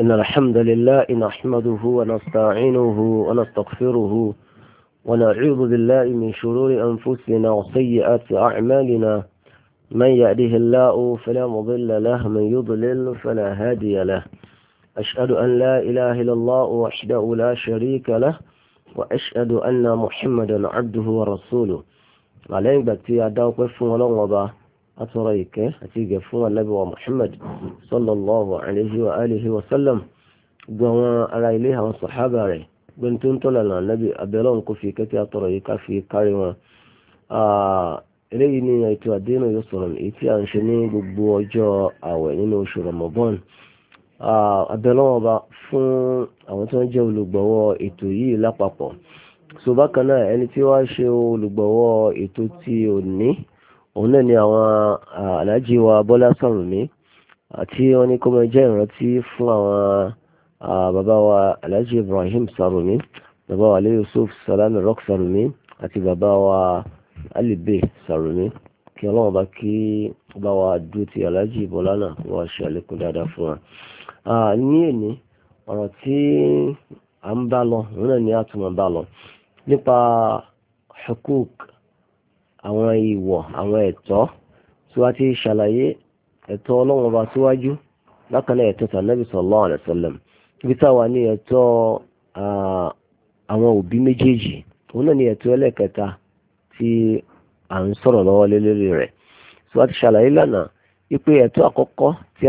إن الحمد لله نحمده ونستعينه ونستغفره ونعوذ بالله من شرور أنفسنا وسيئات أعمالنا من يأده الله فلا مضل له من يضلل فلا هادي له أشهد أن لا إله إلا الله وحده لا شريك له وأشهد أن محمدا عبده ورسوله عليك بكتي أدعوك فون الله atọ́rọ ìkẹ́ àti ìgẹ̀ fún ànábì wa Muhammad sallallahu alayhi wa alihi wa sallam gbogbo àwọn ará ilé àwọn sàhábà rẹ̀ gbẹ́ni tó ń tọ́lá lọ ànábì abẹ́lọ́n kò fi kẹ́kẹ́ atọ́rọ yìí ká fi kárí wọn. eléyìí ni ètò àdéhùn yóò sọ̀rọ̀ èyí tí à ń ṣe ní gbogbo ọjọ́ àwẹ̀ nínú oṣù Ramadan abẹ́lọ́wọ́ ọba fún àwọn tí wọ́n jẹ́ olùgbọ̀wọ́ ètò yìí lápapọ̀ so bákan náà ẹni tí wọ́n ṣe olùgbọ̀wọ́ ètò tí ò ní òun náà ni àwọn aláàjì wa Bọ́lá Sàrùmí àti wọ́n ní kó máa jẹ́ ìrántí fún àwọn bàbá wa aláàjì Ibrahim Sàrùmí bàbá wa alẹ́ Yusuf Salami Rock Sàrùmí àti bàbá wa alìbè Sàrùmí kí ọlọ́run bá kí bá wa dúró ti aláàjì Bọ́lá náà kí wọ́n ṣe àlékún dáadáa fún wa. ní èní ọ̀rọ̀ tí à ń bá lọ òun náà ni a tún máa bá lọ nípa hukuk àwọn ìwọ̀ àwọn ẹ̀tọ́ tí wọ́n ti ṣàlàyé ẹ̀tọ́ ọlọ́run ọba síwájú bákan ẹ̀tọ́ tànàbí sallallahu alaihi ibi táwa ní ẹ̀tọ́ àwọn òbí méjèèjì òun náà ní ẹ̀tọ́ ẹlẹ́kẹta tí ń sọ̀rọ̀ lọ́wọ́ rẹ̀ tí ti ṣàlàyé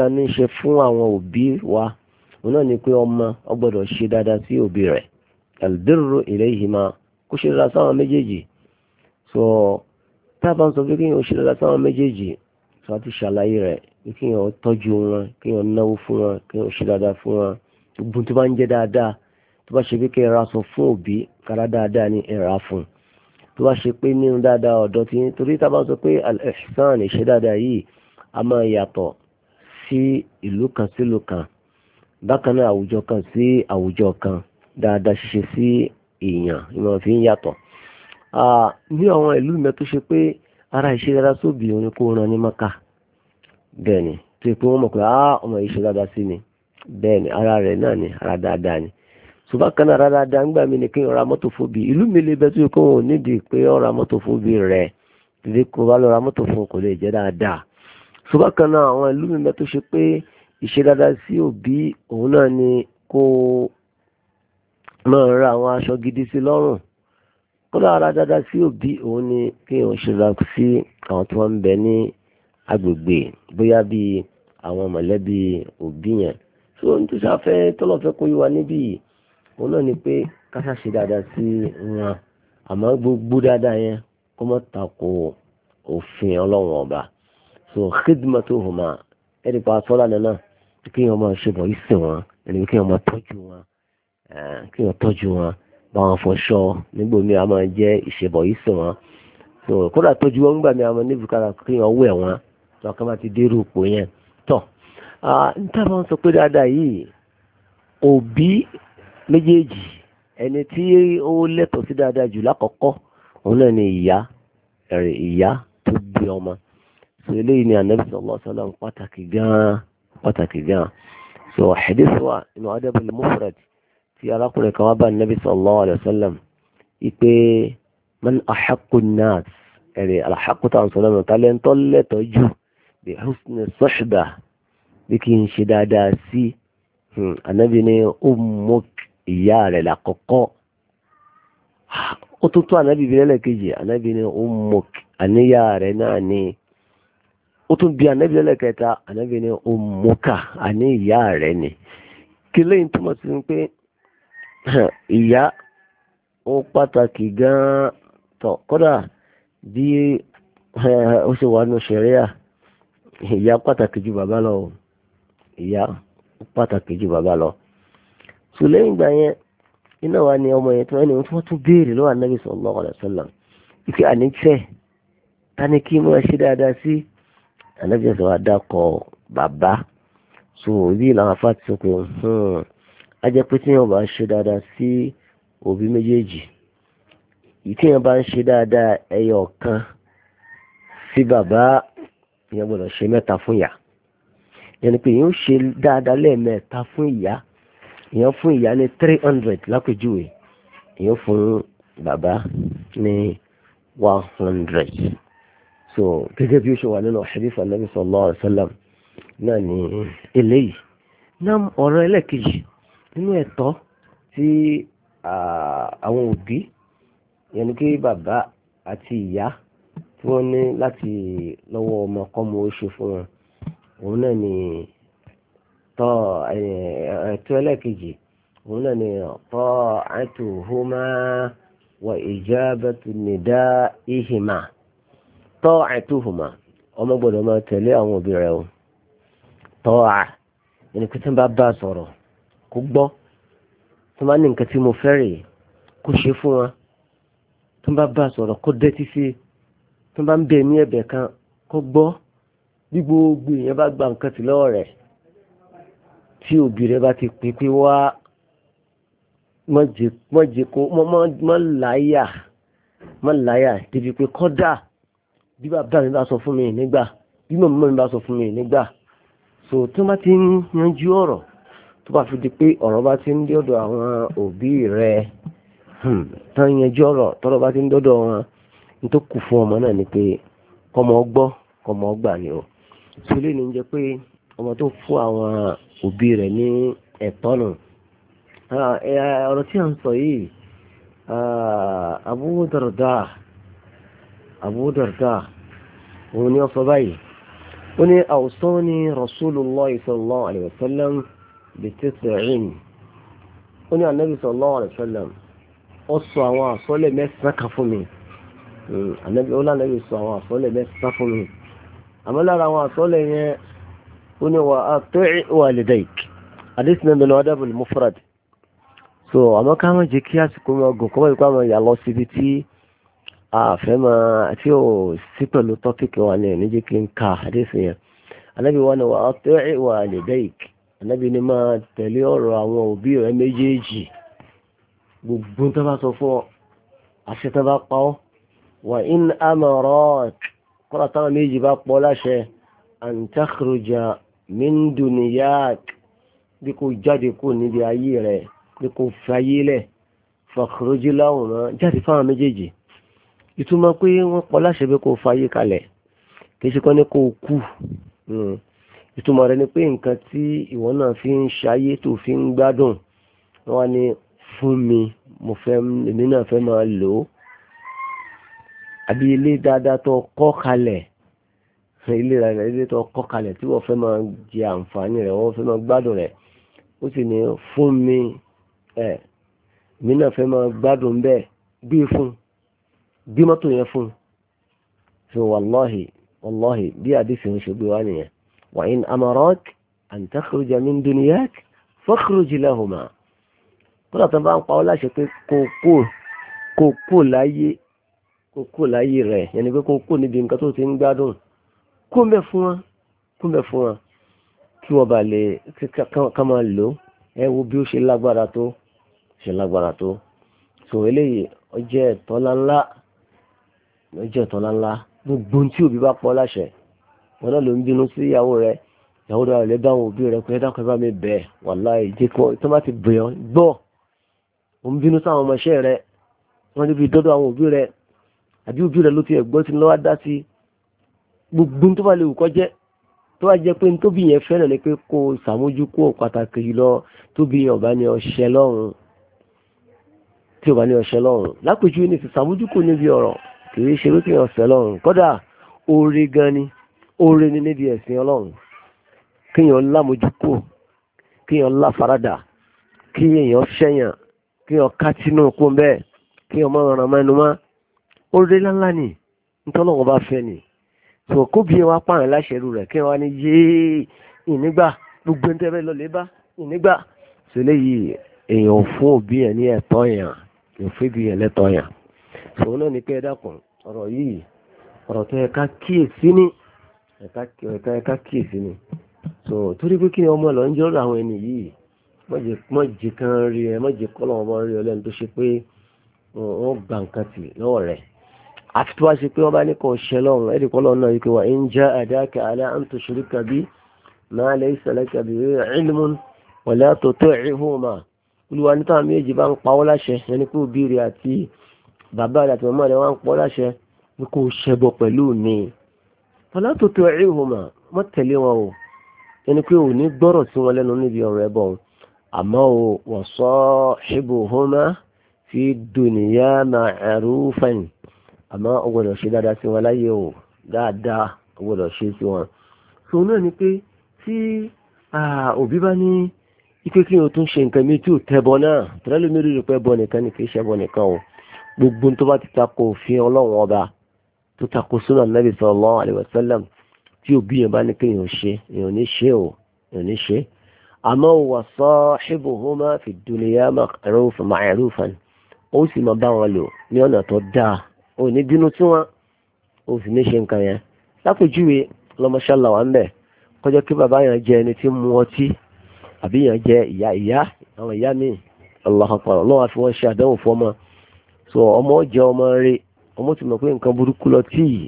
a ní í ṣe fún àwọn òbí wa òun náà pé ọmọ ṣe dáadáa sí òbí rẹ̀ tábà ń sọ pé kéèyàn ṣe lọ́la sáwọn méjèèjì tó a ti ṣàlàyé rẹ̀ pé kéèyàn tọ́jú wọn kéèyàn náwó fún wọn kéèyàn ṣe dáadáa fún wọn gbogbo tó bá ń jẹ́ dáadáa tó bá ṣe pé kéèyàn ra sọ fún òbí kára dáadáa ní ẹ̀rà fún tó bá ṣe pé nínú dáadáa ọ̀dọ́ ti ń torí tábà ń sọ pé al ìṣe dáadáa yìí a máa yàtọ̀ sí ìlú kan sí ìlú kan bákan náà àwùjọ ní àwọn ìlú mẹ́ tó ṣe pé ara ìṣe dáadáa sóbì òun kó ràn ní maka bẹ́ẹ̀ ni tó yẹ pé wọ́n mọ̀ pé ah ọmọ yìí ṣe dáadáa sí ni bẹ́ẹ̀ ni ara rẹ̀ náà ni ara dáadáa ni ṣùgbọ́n kan náà ara dáadáa ńgbà mí ni kí n ra mọ́tò fóbi ìlú mi lè bẹ́ tó yẹ kó wọn ò nídìí pé ó ra mọ́tò fóbi rẹ̀ tìdí kó bá lọ ra mọ́tò fún kò lè jẹ́ dáadáa ṣùgbọ́n kan náà àwọn ìlú mi mẹ́ tó ṣe pé ìṣe dáadáa sí òbí òun náà ni kó máa ra àwọn aṣọ gidi sí lọ́rùn kódà ara dada sí òbí òun ni kí wọ́n ṣọ́ra sí àwọn tí wọ́n ń bẹ ní agbègbè bóyá bí àwọn mọ̀lẹ́bí òbí yẹn tí wọ́n tó sáfẹ́ tọ́lọ̀fẹ́ kó yíwa níbí òun náà ni pé káṣá ṣe dada sí wọn àmọ́ gbogbo dada yẹn kó mọ́ tako òfin ọlọ́run ọba so khidmatuhuma ẹ̀rí pa sọ́lá nínú kí wọ́n máa ṣe bọ̀ ìsìn wọn ẹ̀rí kí wọ́n máa tọ́jú wọn kí wọ́n tọ́jú wọn. báwọn fọṣọ nígbò mi a máa jẹ ìṣẹ̀bọ̀ yìí sùn wọn so kódà tójú wọn gbà a àwọn níbi kára kí wọn wẹ̀ wọn tí wọn bá ti dérú ipò yẹn tọ̀ nítawọn sọ pé dáadáa yìí òbí méjèèjì ẹni tí ó lẹ́tọ̀ọ́ sí dáadáa jù lákọ̀ọ́kọ́ òun náà ni ìyá ẹ̀rẹ̀ ìyá tó ọmọ so eléyìí ni anabi pàtàkì gan tí arákùnrin kan wá bá nàbí sallallahu alayhi wa sallam ipe man ahaqqu an-nas ẹ̀rẹ̀ aláhàkù tá à ń sọ lọ́nà tálẹ́ ń tọ́ lẹ́tọ̀ọ́ jù bí husni suhbah bí kì í ṣe dáadáa sí anabi hmm, ni ummuk ìyá rẹ̀ lákọ̀ọ́kọ́ ó tún tún anabi bí lẹ́lẹ́kejì anabi ni ummuk àníyá rẹ̀ náà ni ó tún bí anabi lẹ́lẹ́kẹta anabi ni ummuka àníyá rẹ̀ ni kí lẹ́yìn túmọ̀ sí pé. ìyá ó pàtàkì gan-an tọ̀ kódà bí eh, ó ṣe wà nù ṣẹ̀ríà ìyá pàtàkì ju bàbá lọ o ìyá pàtàkì ju bàbá lọ. sùlẹ́yìn ìgbà yẹn iná wa ni ọmọ yẹn tó ẹni wọ́n tún béèrè lọ́wọ́ anábì sallallahu alaihi wasallam ìfẹ́ àníṣẹ́ ta ni kí wọ́n ṣe dáadáa sí anábì sọ̀rọ̀ àdàkọ̀ bàbá so ibi làwọn afá ti sọ pé hmm a jẹ́ pé tíyàn bá ń ṣe dáadáa sí òbí méjèèjì tíyàn bá ń ṣe dáadáa ẹyọ kan sí bàbá ìyẹn gbọ́dọ̀ ṣe mẹ́ta fún ìyá yẹn pé ìyẹn ó ṣe dáadáa lẹ́ẹ̀mẹ́ta fún ìyá ìyẹn fún ìyá ní three hundred lápèjúwe ìyẹn fún bàbá ní one hundred so gẹ́gẹ́ bí ó ṣe wà nínú hadith Ànábì sallallahu alaihi wasallam náà ní eléyìí náà ọ̀rọ̀ ẹlẹ́kejì nínú ẹ̀tọ́ tí àwọn òbí yẹn ni kí bàbá àti ìyá tí wọ́n ní láti lọ́wọ́ ọmọ kọ́mọ ó ṣe fún wọn òun náà ni tọ́ ẹ̀tọ́ ẹlẹ́ẹ̀kejì òun náà ni tọ́ àtúhùmá wà ìjábẹ́tù nìdá ìhìmá tọ́ àtúhùmá ọmọ gbọ́dọ̀ máa tẹ̀lé àwọn òbí rẹ̀ o tọ́ à ẹni pé tí bá bá sọ̀rọ̀ kó gbọ́ tó bá ní nǹkan tí mo fẹ́ rèé kó ṣe fún wọn tó bá bá sọ̀rọ̀ kó dẹ́tí sí tó bá ń bẹ ní ẹ̀bẹ̀ kan kó gbọ́ bí gbogbo èèyàn bá gba nǹkan tì lọ́wọ́ rẹ̀ tí òbí rẹ̀ bá ti pè pé wá mọ́ láyà mọ́ láyà débi pé kọ́dà bí bàbá mi bá sọ fún mi nígbà bí màmá mi bá sọ fún mi nígbà so tó bá ti ń yanjú ọ̀rọ̀ tó bá fi di pé ọ̀rọ̀ bá ti ń dé ọ̀dọ̀ àwọn òbí rẹ̀ hmm, tán yanjú ọ̀rọ̀ tọ́rọ̀ bá ti ń dọ́dọ̀ wọn ní tó kù fún ọmọ náà ni pé kọ́mọ gbọ́ kọ́mọ gbà ni o tó lè ní jẹ́ pé ọmọ tó fún àwọn òbí rẹ̀ ní ẹ̀tọ́ nù ọ̀rọ̀ tí a ń sọ yìí Abu Darda Abu Darda òun ni ó sọ báyìí ó ní awsani Rasulullahi sallallahu alaihi wasallam bìtìtìrìn ó ní anabi ó sọ àwọn àsọlẹ̀ mẹ́sàn kan fún mi ó lànàbi sọ àwọn àsọlẹ̀ mẹ́sàn fún mi àmọ́ lára àwọn yẹn ó ní wà á tó mufrad so àmọ́ ká máa jẹ́ kí àsìkò máa gùn kọ́ máa gbọ́ yà lọ síbi tí àfẹ́ máa tí ò sí pẹ̀lú wa ní ẹ̀ níjẹ́ kí n ka àdéhùn yẹn anabi wa ànábì ni máa tẹ̀lé ọ̀rọ̀ àwọn òbí rẹ méjèèjì gbogbo tó bá sọ fún ọ àṣẹ tó bá pa ọ́ wà in amarak kọ́lá táwọn méjì bá pọ̀ láṣẹ an takhruja min duniyak bí kò jáde kó níbi ayé rẹ bí kò fayé lẹ̀ fakhruj láwọn jáde fáwọn méjèèjì ìtumọ̀ pé wọ́n pọ̀ láṣẹ bí kò fayé kalẹ̀ kì í ṣe kọ́ ní kò kú. Hmm. ìtumọ̀ rẹ̀ ni pé nǹkan tí ìwọ náà fi ń ṣayé tó fi ń gbádùn wọn ni fún mi mo èmi náà fẹ́ máa lò ó àbí ilé dáadáa tó kọ kalẹ̀ ilé rẹ̀ ilé tó kọ kalẹ̀ tí wọ́n fẹ́ máa jẹ àǹfààní rẹ̀ wọ́n fẹ́ máa mi èmi náà fẹ máa gbádùn gbé fún gbé yẹn fún so wàláhì wàláhì bí àdìsí ń ṣe gbé wá وإن أمرك أن تخرج من دنياك فاخرج لهما kódà tó ń bá ń pa ọ́ láṣẹ pé kò kò láyé kò kò láyé rẹ̀ yẹn ni pé kò kò níbi nǹkan tó ti ń gbádùn kó ń bẹ fún wa kó ń bẹ fún wa kí wọ́n bá lè ká máa lò ẹ wo bí ó ṣe lágbára tó ṣe lágbára tó tó eléyìí ọjọ́ ẹ̀tọ́ ńláńlá ọjọ́ ẹ̀tọ́ ńláńlá gbogbo ohun tí òbí bá pa ọ́ láṣẹ wọn náà ló ń bínú sí ìyàwó rẹ ìyàwó rẹ lè bá àwọn òbí rẹ pé dákọ̀ bá mi bẹ̀ wàláhì jẹ́ kí wọ́n tó bá ti bẹ̀ ọ́ gbọ́ ò ń bínú sáwọn ọmọọṣẹ́ rẹ wọ́n níbi dọ́dọ̀ àwọn òbí rẹ àbí òbí rẹ ló ti ẹ̀gbọ́n ti lọ́wọ́ dá sí gbogbo tó bá lè wù kó tó bá jẹ́ pé tóbi yẹn fẹ́ràn ni pé kó o sàmójú kó o pàtàkì lọ tóbi yẹn ọ̀bá ni ọṣẹ lọ́rùn tí o bá ọṣẹ lọ́rùn lápèjúwe ní ti sàmójú kó níbi ọ̀rọ̀ kì í ṣe pé ọ̀sẹ̀ lọ́rùn kódà oore gan ni oore ni níbi ẹ̀sìn ọlọ́run kíyàn lámójúkò kíyàn láfaradà kíyàn ṣẹ̀yàn kíyàn kátínú kó bẹ́ẹ̀ kíyàn mọ́ ọ̀ràn mẹ́nu mọ́ oore ńláńlá ni ntọ́lọ́wọ́ bá fẹ́ ni tó kó bí wa pààyàn láṣẹrù rẹ̀ kíyàn wá ní yéé ìnígbà gbogbo ń tẹ́fẹ́ lọ lé bá ìnígbà sọlẹ́ yìí èèyàn fún òbí yẹn ní ẹ̀tọ́ yẹn òfin bí yẹn lẹ́tọ́ yẹn sọ náà ní pé ẹ dákun ọ̀rọ̀ yìí ọ̀rọ̀ tó yẹ ká kíyèsí ni ẹ̀ka kíyèsí ni so torí pé kí ni ọmọ lọ ń jọ́rọ̀ àwọn ẹni yìí mọ̀jì kan rí ẹ mọ̀jì kọ́lọ̀ ọmọ rí ọlẹ́ni tó ṣe pé wọ́n gba nǹkan tì lọ́wọ́ rẹ̀ àti tó wá ṣe pé wọ́n bá ní kọ́ ṣẹ lọ́run ẹ̀dì kọ́lọ̀ náà yìí pé wà ń já àdáka alẹ́ à ń tó ṣeré kabi máa lẹ́yìn sẹ́lẹ̀ kabi ilmun wọ̀lẹ́ tó tó ìhùmà olùwà ní táwọn méjì bá ń pawọ́ láṣẹ ẹni pé òbí rẹ̀ àti bàbá rẹ̀ àti màmá rẹ̀ wá ń pawọ́ láṣẹ pé kò ṣẹbọ pẹ̀lú mi fọlá tó tó ẹ̀rí ìhùmà mọ́ tẹ̀lé wọn o ẹni pé ò ní gbọ́rọ̀ sí wọn lẹ́nu níbi ọ̀rọ̀ ẹbọ àmọ́ o wọ́n sọ ṣíbò hùmà fi dùnìyà máa ẹ̀rú fẹ̀yìn àmọ́ o gbọ́dọ̀ ṣe dáadáa sí wọn láyé o dáadáa o gbọ́dọ̀ ṣe sí wọn. sọ náà ni pé tí òbí bá ní ike kí o tún ṣe nǹkan mi tí ò tẹ́bọ náà tẹ́lẹ̀ lómi rí rí pẹ́ bọ nìkan ni kì nìkan o gbogbo tó bá ti ta ko òfin ọlọ́run ọba tó takò súnà nàbì sallallahu alaihi wasallam tí òbí yẹn bá ní kí èèyàn ṣe èèyàn ní ṣe o èèyàn ní ṣe àmọ́ wà sahibuhuma fi dunya ma'rufan ó sì máa bá wọn lò ní ọ̀nà tó dáa ò ní bínú tí wọn ò sì ní ṣe nǹkan yẹn lápèjúwe lọmọṣálà wà ń bẹ kọjá kí bàbá yẹn jẹ ẹni tí mu ọtí àbí yẹn jẹ ìyá ìyá àwọn ìyá mi Allahu àfi wọ́n ṣe àdánwò fún ọmọ so ọmọ jẹ ọmọ rẹ̀ ọmọ ti mọ̀ pé nǹkan burúkú lọ tí yìí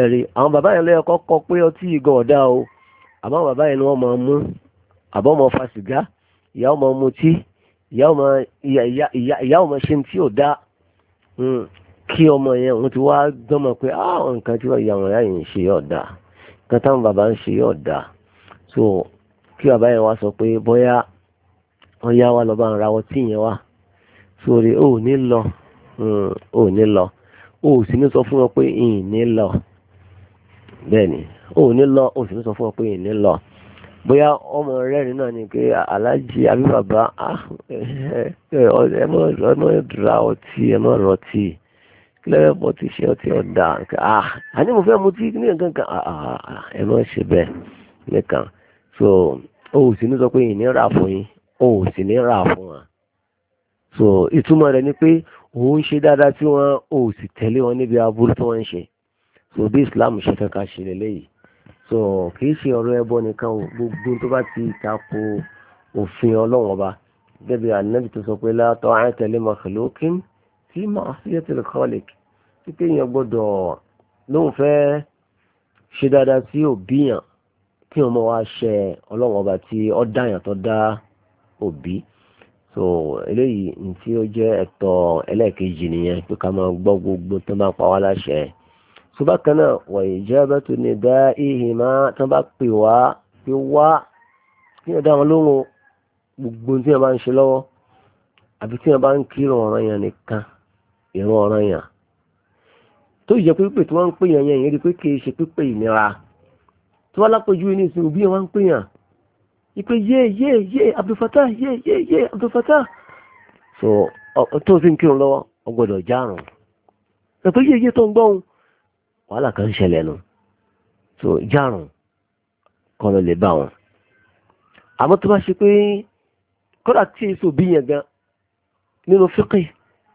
ẹ̀rí àwọn bàbá yẹn lọ́yọ̀ kọ́kọ́ pé ọtí yìí gan ọ̀dá o àmọ́ àwọn bàbá yẹn ni wọ́n máa mú àbọ̀ máa fa sìgá ìyá ọmọ mutí ìyá ọmọ ìyá ọmọ ṣe tí ò dá hmm, kí ọmọ yẹn òun ti wá gbọ́mọ̀ pé àwọn ah, nǹkan tí wọ́n yàwọn ẹ̀yà yìí ń ṣe ọ̀dà nǹkan táwọn bàbá ń ṣe ọ̀dà so kí bàbá yẹn wá sọ pé bóyá wọ́n yá wa lọ́ba ń rawọ́ tí yẹn wá sórí ò lọ hmm, ò lọ o sì ní sọ fún wọn pé ìní lọ bẹ́ẹ̀ ni o ní lọ o sì ní sọ fún wọn pé ìní lọ bóyá ọmọ rẹ́rìn náà ni pé aláàjì àbí bàbá ah, ẹ mọ̀ ra ọtí ẹ mọ̀ rọ tí kílẹ̀rẹ̀ pọ̀ ti ṣe ọtí ọ̀dà àní ah, mo fẹ́ mu tí ní nǹkan kan ah, ẹ mọ̀ ṣe bẹ́ẹ̀ nìkan so o sì ní sọ pé ìní rà fún yín o sì ní rà fún wa so ìtumọ̀ rẹ̀ ni pé ò ń ṣe dáadáa tí wọ́n ò sì tẹ̀lé wọn níbi aburú tí wọ́n ń ṣe so bí islam ṣe kankan ṣe lélẹ́yìí so kì í ṣe ọ̀rọ̀ ẹbọ nìkan gbogbo tó bá ti tako òfin ọlọ́wọ́n ba gẹ́gẹ́ bí anabi tó sọ pé la ta'ata li makhluqin fi ma'siyatil khaliq títí èèyàn gbọ́dọ̀ lóun fẹ́ ṣe dáadáa sí òbí yàn kí wọ́n mọ̀ wá ṣe ọlọ́wọ́n ọba tí ó dáyàn tó dá òbí so eléyìí ní tí ó jẹ́ ẹ̀tọ́ ẹlẹ́ẹ̀kejì nìyẹn pé ká máa gbọ́ gbogbo tó máa pa wá láṣẹ tó bá kan náà wọ̀ ìjẹ́bẹ́ tó ní dá ìhìnmá tó bá pè wá pé wá kí ẹ dá wọn lóhùn gbogbo tí wọn bá ń ṣe lọ́wọ́ àbí tí wọn bá ń kírun ọ̀ràn yẹn nìkan ìrun ọ̀ràn yẹn tó yẹ pé tí wọ́n ń pè yẹn yẹn yẹn rí pé kì í ṣe pípè ìnira tí wọ́n lápẹjú ní ìsìn òbí wọn ń pè yẹn ìpé yé yé yé abdulfata yé yé yé abdulfata. so tó fi ń kírun lọ́wọ́ ọ gbọ́dọ̀ járùn ẹ̀pẹ́ yé yé tó ń gbọ́hun wàhálà kan ṣẹlẹ̀ nù so járùn kan lọ lè bá wọn. àmọ́ tó bá ṣe pé kódà tí èso bí yẹn gan nínú fíkì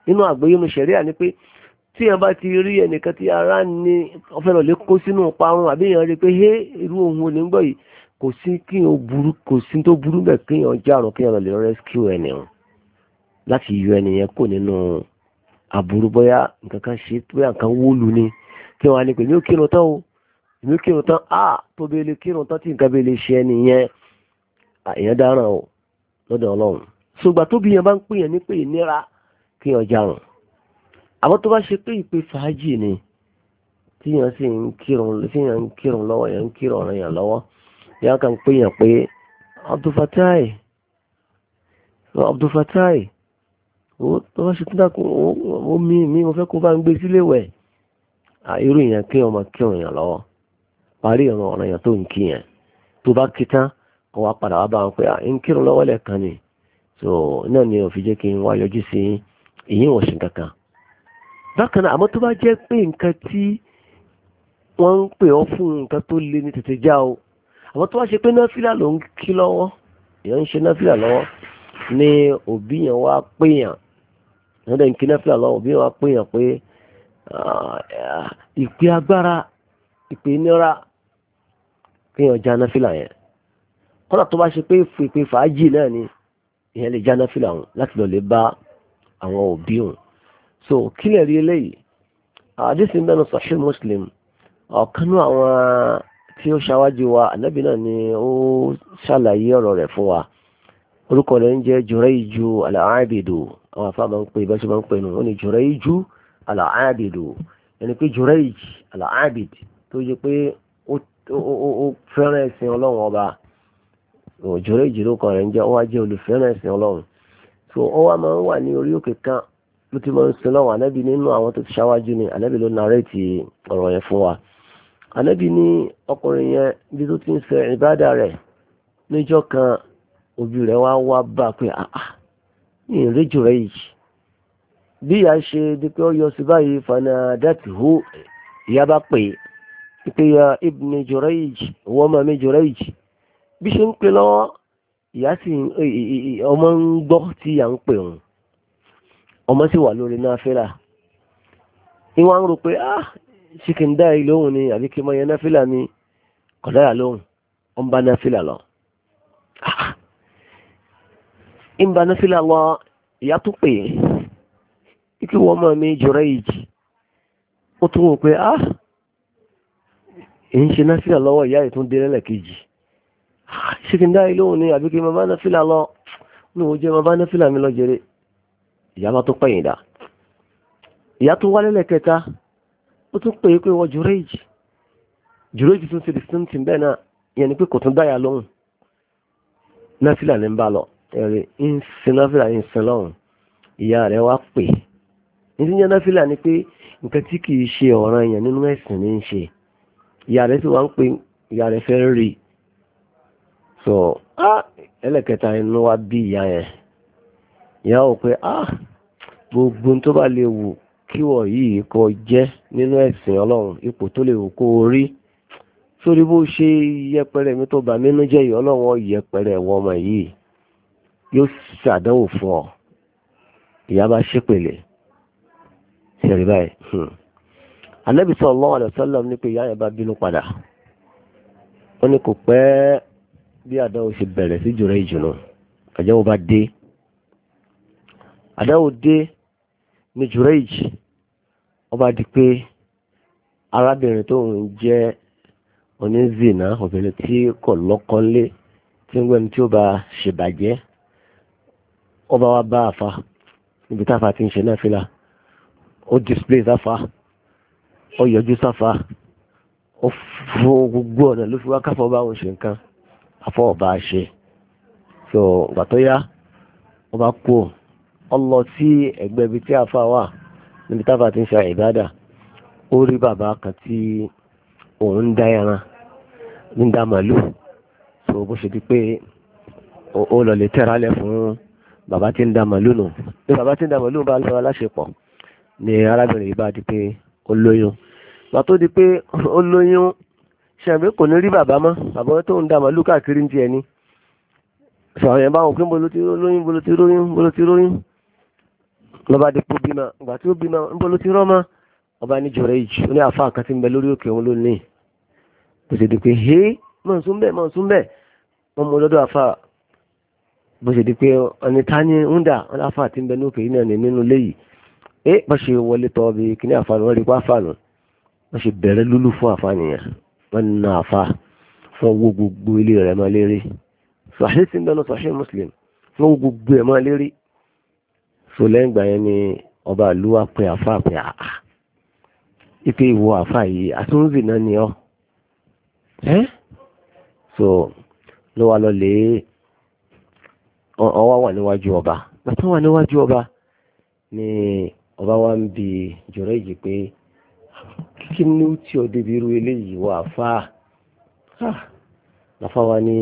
nínú àgbáyé nínú ṣẹ̀ríà ni pé tí yẹn bá ti rí ẹnìkan tí ara ní ọ̀fẹ́ lọ́lẹ́ kó sínú parun àbí yẹn rí i pé hé irú ohun ò ní gbọ́ yìí kò sí kí o burú kò sí tó burú bẹ́ẹ̀ kéèyàn járun lè rescue ẹni o láti yọ ẹni yẹn kò nínú àbúrú bóyá nǹkan kan ṣe bóyá nǹkan ni kí wọn á ní pè o ó a ah, tó bẹ́ẹ̀ lè kírun tán tí nǹkan bẹ́ẹ̀ lè ṣe ẹni yẹn èèyàn o lọ́dọ̀ ọlọ́run ṣùgbà yẹn bá ń pè yẹn ní pé ìnira kéèyàn járun àmọ́ tó bá ṣe pé ìpè fàájì ni sì ń kírun lọ́wọ́ yẹn ya kan pé yàn pé abdulfatai abdulfatai ó tó bá ṣe tó dákun ó mí mí mo fẹ́ kó bá ń gbé sílé wẹ̀ irú ọmọ kí ọ̀ràn yàn lọ́wọ́ parí ọ̀ràn ọ̀ràn yàn tó ń kí yẹn tó bá kí tán kó wá padà wá ni so náà ni òfin jẹ́ kí n wá yọjú sí ìyín òsìn kankan bákan náà àmọ́ tó bá àwọn tó wá ṣe pé náfìlà ló ń kí lọ́wọ́ èèyàn ń ṣe náfìlà lọ́wọ́ ní òbí yẹn wá péyàn wọ́n dẹ̀ ń kí náfìlà lọ́wọ́ òbí yẹn wá péyàn pé ìpè agbára ìpè nira kéèyàn já náfìlà yẹn kọ́nà tó bá ṣe pé ìpè fàájì náà ni ìyẹn lè já náfìlà òun láti lọ lè bá àwọn òbí òun so kílẹ̀ rí eléyìí àdísìn bẹ́ẹ̀ sọ̀ṣẹ́ Muslim ọ̀kanú àwọn tí ó ṣáwájú wa ànábì náà ni ó ṣàlàyé ọ̀rọ̀ rẹ̀ fún wa orúkọ rẹ̀ ń jẹ́ Jurayju al-Abidu àwọn afá máa ń pè bẹ́ẹ̀ ṣe máa ń pè nù ó ní Jurayju al-Abidu ẹni pé Jurayj al-Abid tó yẹ pé ó fẹ́ràn ẹ̀sìn ọlọ́run ọba Jurayj ló kọ̀ rẹ̀ ń jẹ́ ó wá jẹ́ olùfẹ́ràn ẹ̀sìn ọlọ́run tó ó wá máa ń wà ní orí òkè kan ló ti máa ń sin lọ́wọ́ ànábì nínú àwọn tó ti ṣáwájú ni ànábì ló narẹ́ẹ̀tì ọ̀rọ̀ yẹn fún wa ànábì ní ọkùnrin yẹn bí tó ti ń ṣe ìbádà rẹ̀ níjọ́ kan òbí rẹ̀ wá wá bá pé àà ní ìrẹ́jù rẹ̀ yìí bí ìyá ṣe di pé ó yọ sí báyìí fana dati hu ìyá bá pè é pé ya ibni Jurayj wọ́n máa mi Jurayj bí ṣe ń pè lọ́wọ́ ìyá sì ọmọ ń gbọ́ tí ìyá ń pè òun ọmọ sì wà lórí náà fẹ́ra ìwọ̀n rò pé ah ṣé kí n dá yìí lóhùn ni àbí kí n máa yẹn náfìlà ni kọ̀dáyà lóhùn ó ń bá náfìlà lọ. Ah! ń bá náfìlà lọ ìyá tó pè é kíkí wọ́n máa mi jọra ìjì ó tún wò pé á ah! èyí ń ṣe náfìlà lọ́wọ́ ìyá ìtúndé lẹ́lẹ̀kejì ah! ṣé kí n dá yìí lóhùn ni àbí kí n máa bá náfìlà lọ ní ojú ẹmọ bá ní mi lọ jẹrẹ ìyá bá tó pẹ̀yìn dá ìyá tó wálé lẹ́kẹta ó tún pè é pé wọ́n jùrẹ́jì jùrẹ́jì tún ṣe the same thing bẹ́ẹ̀ náà ìyẹn ni pé kò tún dáyà lóhùn náfìlà ní ń bá lọ ẹ̀rẹ̀ ń sin náfìlà ń sin lọ́hùn ìyá rẹ̀ wá pè é ní sínyẹn náfìlà ni pé nǹkan tí kì í ṣe ọ̀ràn èèyàn nínú ẹ̀sìn ní í ṣe ìyá rẹ̀ sì wá ń pè ìyá rẹ̀ fẹ́ rí i so ẹlẹ́kẹta inú wa bí ìyá yẹn ìyá ò pé gbogbo tó bá lè wù kíwọ̀ yìí kọ jẹ́ nínú ẹ̀sìn ọlọ́run ipò tó lè kó orí sórí bó ṣe yẹpẹrẹ mi tó bà mínú jẹ́ yìí ọlọ́run yẹpẹrẹ ẹ̀wọ̀n ọmọ yìí yóò ṣàdánwò fún ọ ìyá bá ṣépèlè ṣẹ̀rí báyìí hmm. Ànábì sallallahu alaihi wasallam ní pé ìyá yẹn bá bínú padà ó ní kò pẹ́ bí àdánwò ṣe bẹ̀rẹ̀ sí jùlọ ìjùnà àjẹ́wò bá dé àdánwò dé ní Jurayj ọba di pé arábìnrin tó ń jẹ́ onízìnà obìnrin tí kò lọ́kọ́lé tí ń gbẹ́ni tí ó bá ṣèbàjẹ́ ọba wa bá àfa níbi táfa ti ń ṣe náà fìlà ó display sáfa ó yọjú sáfa ó fún gbogbo ọ̀nà ló fi wá káfọ́ bá òun ṣe nǹkan afọ́ ọba ṣe so gbàtọ́ yá ọba kú òun ọlọ sí ẹgbẹ́ ibi tí afa wà níbi táfà ti ń ṣe ìbádà ó rí bàbá kan tí òun ń dá ẹran ń dá màálù tó bó ṣe di pé ó lọ lè tẹ́ra fún bàbá tí ń dá màálù nù ní bàbá tí ń dá màálù bá lọ́wọ́ aláṣepọ̀ ni arábìnrin yìí bá di pé ó lóyún gbà tó di pé ó lóyún ṣàbí kò ní rí bàbá mọ́ bàbá tó ń dá màálù káàkiri ń tiẹ̀ ni sọ̀rọ̀ yẹn báwọn pé bolo ti lóyún bolo lọ́ba dípò bímọ ìgbà tí ó bímọ níbo ló ti rọ́mọ ọba ní jọrọ ìjì ó ní àfa kan ti ń bẹ lórí òkè òun lónìí kò sì di pé hé mọ̀ sún bẹ́ẹ̀ mọ̀ sún bẹ́ẹ̀ wọ́n mú lọ́dọ̀ àfa bó ṣe di pé ọ̀nì ta ni ń dà wọn àfa ti ń bẹ lókè yìí náà nínú léyìí ẹ bá ṣe wọlé tọ́ bí kíní àfa ni wọ́n rí pa àfa nù wọ́n ṣe bẹ̀rẹ̀ lúlú fún àfa nìyẹn wọ́n na àfa fún owó gbogbo ilé rẹ̀ máa léré sàṣẹ́ sí ń bẹ́ẹ̀ náà sàṣẹ́ Muslim fún owó gbogbo ẹ̀ máa so lẹ́yìn ìgbà yẹn ni ọba ìlú wa pe àfa pé àà ipe ìwọ àfa yìí àtúnzì náà ni ọ ẹ́ so ló wà lọ lè ọwọ́ wà níwájú ọba látọ́ wà níwájú ọba ni ọba wa ń bi jọ̀rọ̀ èjì pé kí ni ó tí ọ débi irú eléyìí wà fà á láfa wa ní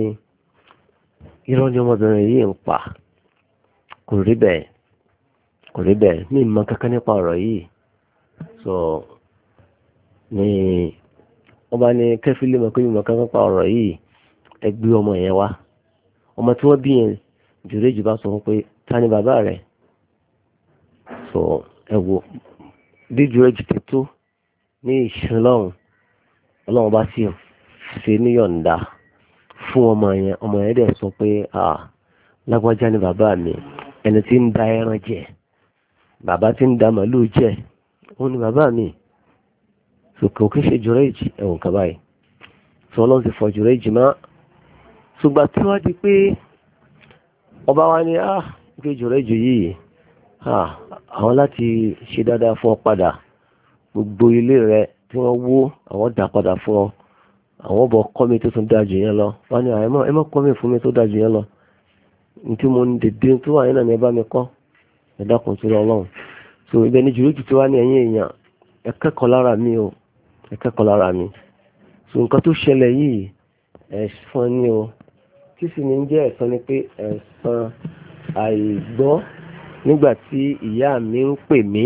irọ́ ni ọmọbìnrin yìí ń pa kò rí bẹ́ẹ̀ kò rí bẹ́ẹ̀ ní ìmọ̀ kankan nípa ọ̀rọ̀ yìí so ni wọ́n bá ní kẹ́fílẹ̀ mọ̀ pé ìmọ̀ kankan nípa ọ̀rọ̀ yìí ẹ gbé ọmọ yẹn wá ọmọ tí wọ́n bí yẹn jùlọ jù bá sọ fún pé ta ni bàbá rẹ̀ so ẹ wo bí jùlọ jù ti tó ní ìṣẹ́ lọ́hùn ọlọ́run bá sì ṣe níyọ̀ǹda fún ọmọ yẹn ọmọ yẹn dẹ̀ sọ pé lágbájá ni bàbá mi ẹni tí ń da ẹran jẹ bàbá tí ń da màlúù jẹ òun ni bàbá mi sòkè òkè ṣe jùrẹ́jì ẹ̀wọ̀n kan báyìí tí wọ́n lọ́n ti fọ jùrẹ́jì ṣùgbọ́n tí wọ́n di pé ọba wa ni ah pé jùrẹ́jì yìí ah àwọn láti ṣe dáadáa fún ọ padà gbogbo ilé rẹ tí wọ́n wó àwọn dà padà fún ọ àwọn bọ̀ kọ́ mi tó tún jù lọ wọ́n ní ẹ kọ́ mi fún mi tó lọ ní tí mo ń dèdè ẹ̀dá kan tó ọlọ́run so ibẹ̀ ni jùlọ jù tó wá ní ẹ̀yìn èèyàn ẹ lára mi o ẹ kẹ́kọ̀ọ́ lára mi so nǹkan tó ṣẹlẹ̀ yìí ẹ̀san ni o kí sì ní jẹ́ ẹ̀san ni pé ẹ̀san àìgbọ́ nígbà tí ìyá mi ń pè mí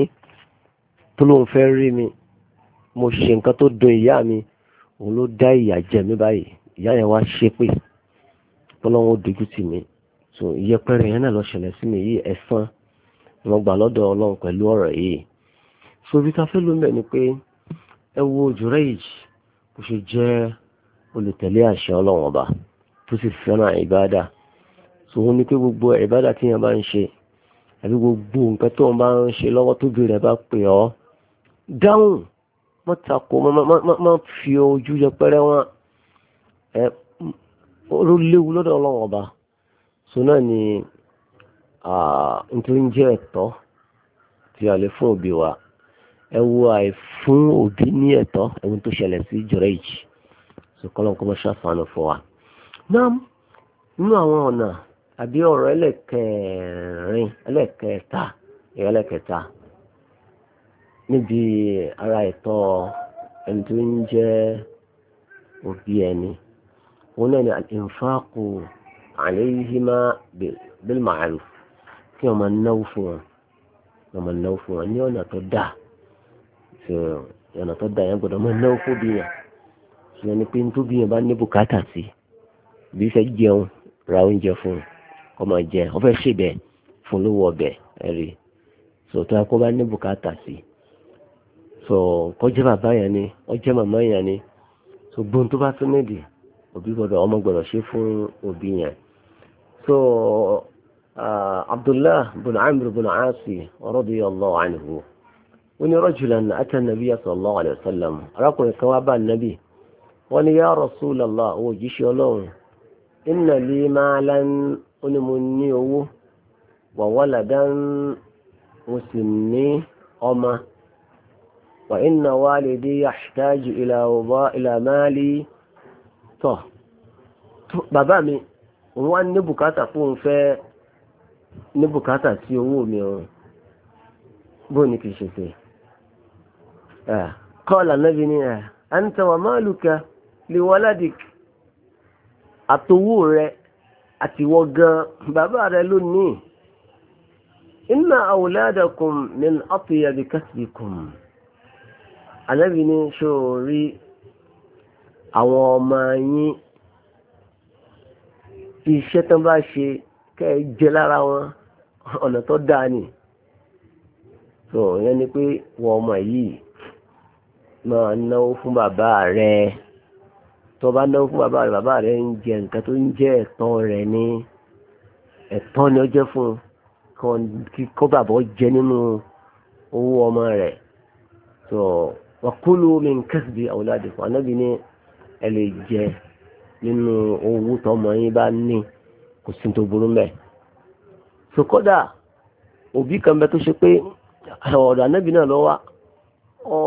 tó lóun fẹ́ rí mi mo ṣe nǹkan tó dùn ìyá mi òun ló dá ìyà jẹ mí báyìí ìyá yẹn wá ṣépè bọ́lọ́wọ́n dojú tì mí so ìyẹpẹrẹ yẹn náà lọ ṣẹlẹ̀ sí mi yìí ẹ̀san wọn gbà lọ́dọ̀ ọlọ́run pẹ̀lú ọ̀rọ̀ yìí sobi ta fẹ́ ló ń bẹ̀ ni pé ẹ wo Jurayj kò ṣe jẹ́ olùtẹ̀lé àṣẹ ọlọ́run ọba tó sì fẹ́ràn ìbáadà sòun ni pé gbogbo ìbáadà tí yẹn bá ń ṣe àbí gbogbo nǹkan tó ń bá ń ṣe lọ́wọ́ tó bèrè bá pè ọ́ dáhùn má takò má fi ojú yẹpẹrẹ wọn ẹ ó léwu lọ́dọ̀ ọlọ́run ọba sòun náà ni nítorí jẹ́ ẹ̀tọ́ tí a lè fún òbí wa ẹ wo àìfún òbí ní ẹ̀tọ́ ẹ̀wọ̀n tó ṣẹlẹ̀ sí Jùrẹ́jì sọkọlọ́n kọ́ mọ́ ṣàfàánù fún wa. náà nínú àwọn ọ̀nà àbí ọ̀rọ̀ ẹlẹ́kẹ̀ẹ́rin ẹlẹ́kẹ̀ẹ́ta ẹ̀yọ́ ẹlẹ́kẹ̀ẹ́ta níbi ara ẹ̀tọ́ ẹni tó ń jẹ́ òbí ẹni òun náà ni al-infaqu alayhima bil ma'ruf kí wọ́n máa náwó fún wọn wọ́n máa náwó fún wọn ní ọ̀nà tó dáa ọ̀nà tó dáa yẹn gbọ́dọ̀ máa náwó fún bí yẹn ṣùgbọ́n ni pé nítorí bí yẹn bá ní bùkátà sí bí fẹ́ jẹun ra oúnjẹ fún un kọ́ máa jẹ ọ fẹ́ ṣèbẹ̀ fún lówó ọbẹ̀ ẹ̀rí sọ̀tọ́ akọ́ bá ní bùkátà sí sọ kọjá bàbá yẹn ni ọjọ́ màmá yẹn ni so gbóhùn tó bá tún nídìí òbí gbọ́dọ̀ ọmọ gbọ́dọ̀ ṣe fún òbí yẹn so عبد الله بن عمرو بن عاصي رضي الله عنه وني رجلا أتى النبي صلى الله عليه وسلم رقم كواب النبي وني يا رسول الله وجيش الله إن لي مالا أنمنيه وولدا مسني أما وإن والدي يحتاج إلى وضاء إلى مالي طه بابا مي وأن بكاتا فون فيه ní bùkátà sí owó mi ọ̀run bó ni kì í ṣe pé kọ́ọ̀lù anábì ni anta wa maluka li waladik àtowó rẹ àtiwọ́ gan bàbá rẹ lónìí inna awladakum min atyabi kasbikum anábì ni ṣòrí àwọn ọmọ yín iṣẹ́ tán bá ṣe kẹ́ ẹ jẹ lára wọn ọ̀nà tó dáa nì so yẹn ni pé wọ ọmọ yìí máa náwó fún bàbá rẹ tó bá náwó fún bàbá rẹ bàbá rẹ ń jẹ nǹkan tó ń jẹ ẹ̀tọ́ rẹ ní ẹ̀tọ́ ni ó jẹ́ fún kó bàbá jẹ nínú owó ọmọ rẹ so wàkúlù mi ń kẹsìbí àwòládìkọ anábì ní ẹ lè jẹ nínú owó tọmọ yín bá ní kò sí tó burú mẹ́ so kódà òbí kan bẹ tó ṣe pé ọ̀dọ̀ anábì náà lọ́wọ́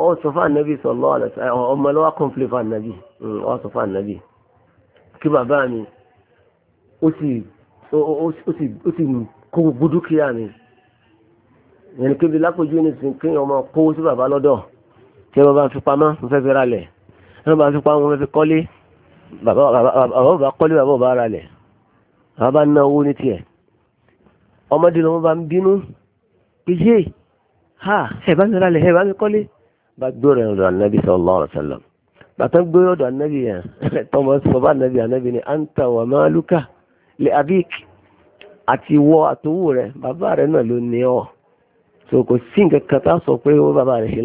ọ sọ fún anábì sallallahu alaihi wasallam ọmọ lọ́wọ́ kọ́ńfìlẹ̀ fún anábì ọ hmm, sọ fún anábì kí bàbá mi ó sì ó sì kó gbódúkìá mi yẹn kébi lápòjú ní sin kí ọmọ kówó sí bàbá lọ́dọ̀ tí ẹ bá fi pamọ́ mo fẹ́ fi ra lẹ̀ ẹ bá fi pamọ́ mo fẹ́ fi kọ́lé bàbá bàbá kọ́lé bàbá ò ra lẹ̀. àwọn bá ná owó ní tiẹ̀ ọmọdé lọ́wọ́ bá ń bínú ìyé ha ẹ̀ mi ra lẹ̀ mi kọ́lé bá gbé ọ̀rọ̀ ọ̀dọ̀ ànábì sallallahu alaihi wasallam bàtà gbé ọ̀dọ̀ ànábì yẹn tọmọ sọ bá ànábì ànábì ni anta wa maluka abik àti wọ àtòwò rẹ bàbá rẹ náà ló ní ọ so kò sí nǹkan kan tá a sọ pé bàbá rẹ ṣe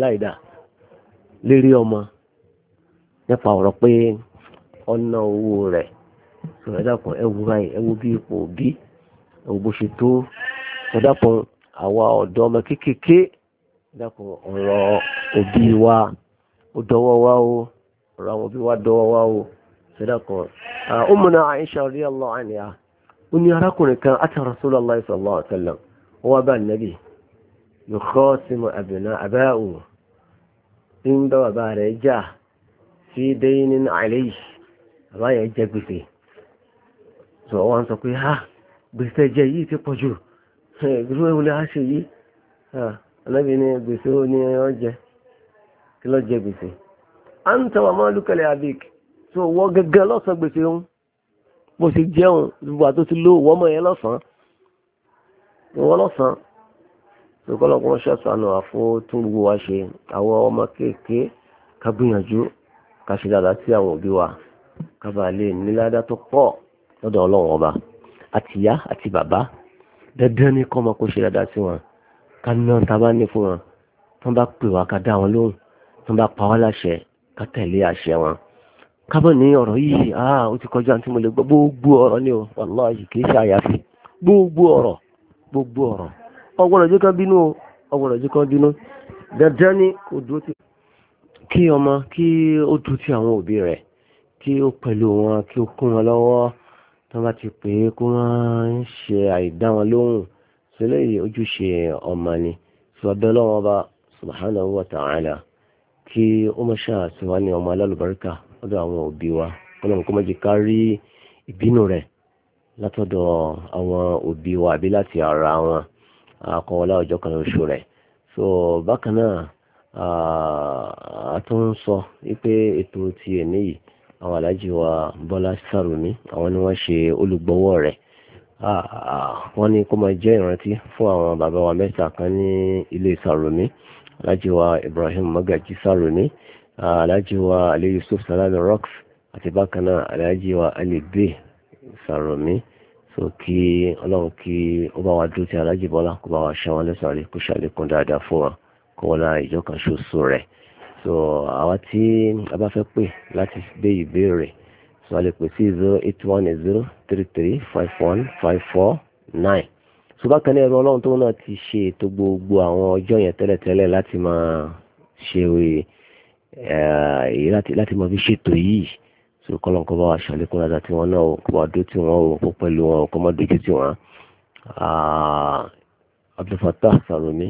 lérí ọmọ nípa sọ̀rọ̀ ẹ̀dàpọ̀ ẹ wo báyìí ẹ wo bí ipò òbí ẹ wo bó ṣe tó ẹ̀dàpọ̀ àwa ọ̀dọ́ ọmọ kéékèèké ẹ̀dàpọ̀ ọ̀rọ̀ òbí wa ó dọwọ́ wa o ọ̀rọ̀ àwọn òbí wa dọwọ́ wa o ẹ̀dàpọ̀ Ummuna Aisha radiyallahu anha ó ní arákùnrin kan àti Rasulullah sallallahu alaihi wasallam ó wá bá nàbì yóò kọ́ sínú àbẹ̀nà àbẹ́wò ń bá bàbá rẹ̀ jà sí dẹ́yìn nínú àlẹ́ yìí bàbá yẹn jẹ́ gbèsè so wọ́n sọ pé ha ah, gbèsè jẹ yìí ti pọ̀ jù gbèsè wo ni a ṣe yìí alábi ah, ni gbèsè wo ni ọ jẹ kí lọ jẹ gbèsè à ń tẹwà mọ́ lukẹ̀lẹ̀ abik so wọ́n gẹ́gẹ́ lọ́sàn gbèsè ń bó ṣe jẹun ìgbà tó ti lo wọ́mọ yẹn lọ́sàn wọ́n lọ́sàn lókọ́lọ́ kọ́ ṣẹ́sọ àná àfótúngbò wa ṣe àwọn ọmọ kéèké ká gbìyànjú ká ṣe dáadáa sí àwọn òbí wa ká bàa lè níládá tó pọ̀ lọ́dọ̀ ọlọ́run ọba àtìyá àti bàbá dandan ní kọ́ ọmọ kó ṣe dáadáa sí wọn ká ná ta bá ní fún wọn tó bá pè wá ká dá wọn lóhùn tó bá pa wá láṣẹ ká tẹ̀lé àṣẹ wọn kábọ̀ ní ọ̀rọ̀ yìí àà ó ti kọjá tí mo lè gbọ́ gbogbo ọ̀rọ̀ ni o wàláhì kìí ṣe àyàfi gbogbo ọ̀rọ̀ gbogbo ọ̀rọ̀ ọgbọ̀nà jẹ́ kan bínú o ọgbọ̀nà jẹ́ kan bínú dandan ni kò dúró ti kí ọmọ kí ó dúró ti àwọn òbí rẹ̀ kí ó pẹ̀lú wọn kí ó kún wọn lọ́wọ́ tó bá ti pè é kó wọ́n ń ṣe àìdá wọn lóhùn sílẹ̀ ojúṣe ọmọ ni sọ́dọ̀ lọ́wọ́ bá subhanahu wa ta'ala kí ó mọ̀ ṣáà sí wa ní ọmọ alálùbáríkà lọ́dọ̀ àwọn òbí wa ọlọ́run kó má jẹ́ ká rí ìbínú rẹ̀ látọ̀dọ̀ àwọn òbí wa àbí láti ara wọn akọ̀wọ́lá ọjọ́ kan oṣù rẹ̀ so bákan náà a tún sọ wípé ètò ti ẹ̀ àwọn alájí wa bọ́lá sàrùmí àwọn ni wọ́n ṣe olùgbọ́wọ́ rẹ̀ wọ́n ní kó máa jẹ́ ìrántí fún àwọn bàbá wa mẹ́ta kan ní ilé sàrùmí alájí wa ibrahim magaji sàrùmí alájí wa ali yusuf salami rocks àti bákan náà alájí wa ali b sàrùmí so kí ọlọ́run kí ó bá wa dúró ti alájí bọ́lá kó bá wa ṣe wọn lẹ́sàn-án rí kó ṣàlékún dáadáa fún wa kó wọ́n lá ìjọ kan ṣoṣo rẹ̀ so àwa tí a bá fẹ́ pè láti gbé ìbéèrè so a lè pè sí zero eight one zero three three five one five four nine so bákan náà ẹ̀rọ ọlọ́run tó náà ti ṣe ètò gbogbo àwọn ọjọ́ yẹn tẹ́lẹ̀tẹ́lẹ̀ láti máa ṣe èyí láti máa fi ṣètò yìí so kọ́lọ́n kọ́ bá wa ṣàlékún dáadáa tí wọ́n náà kó bá dó tí wọ́n kó pẹ̀lú wọn kó má dojú tí wọ́n ah, Abdulfatah Salome.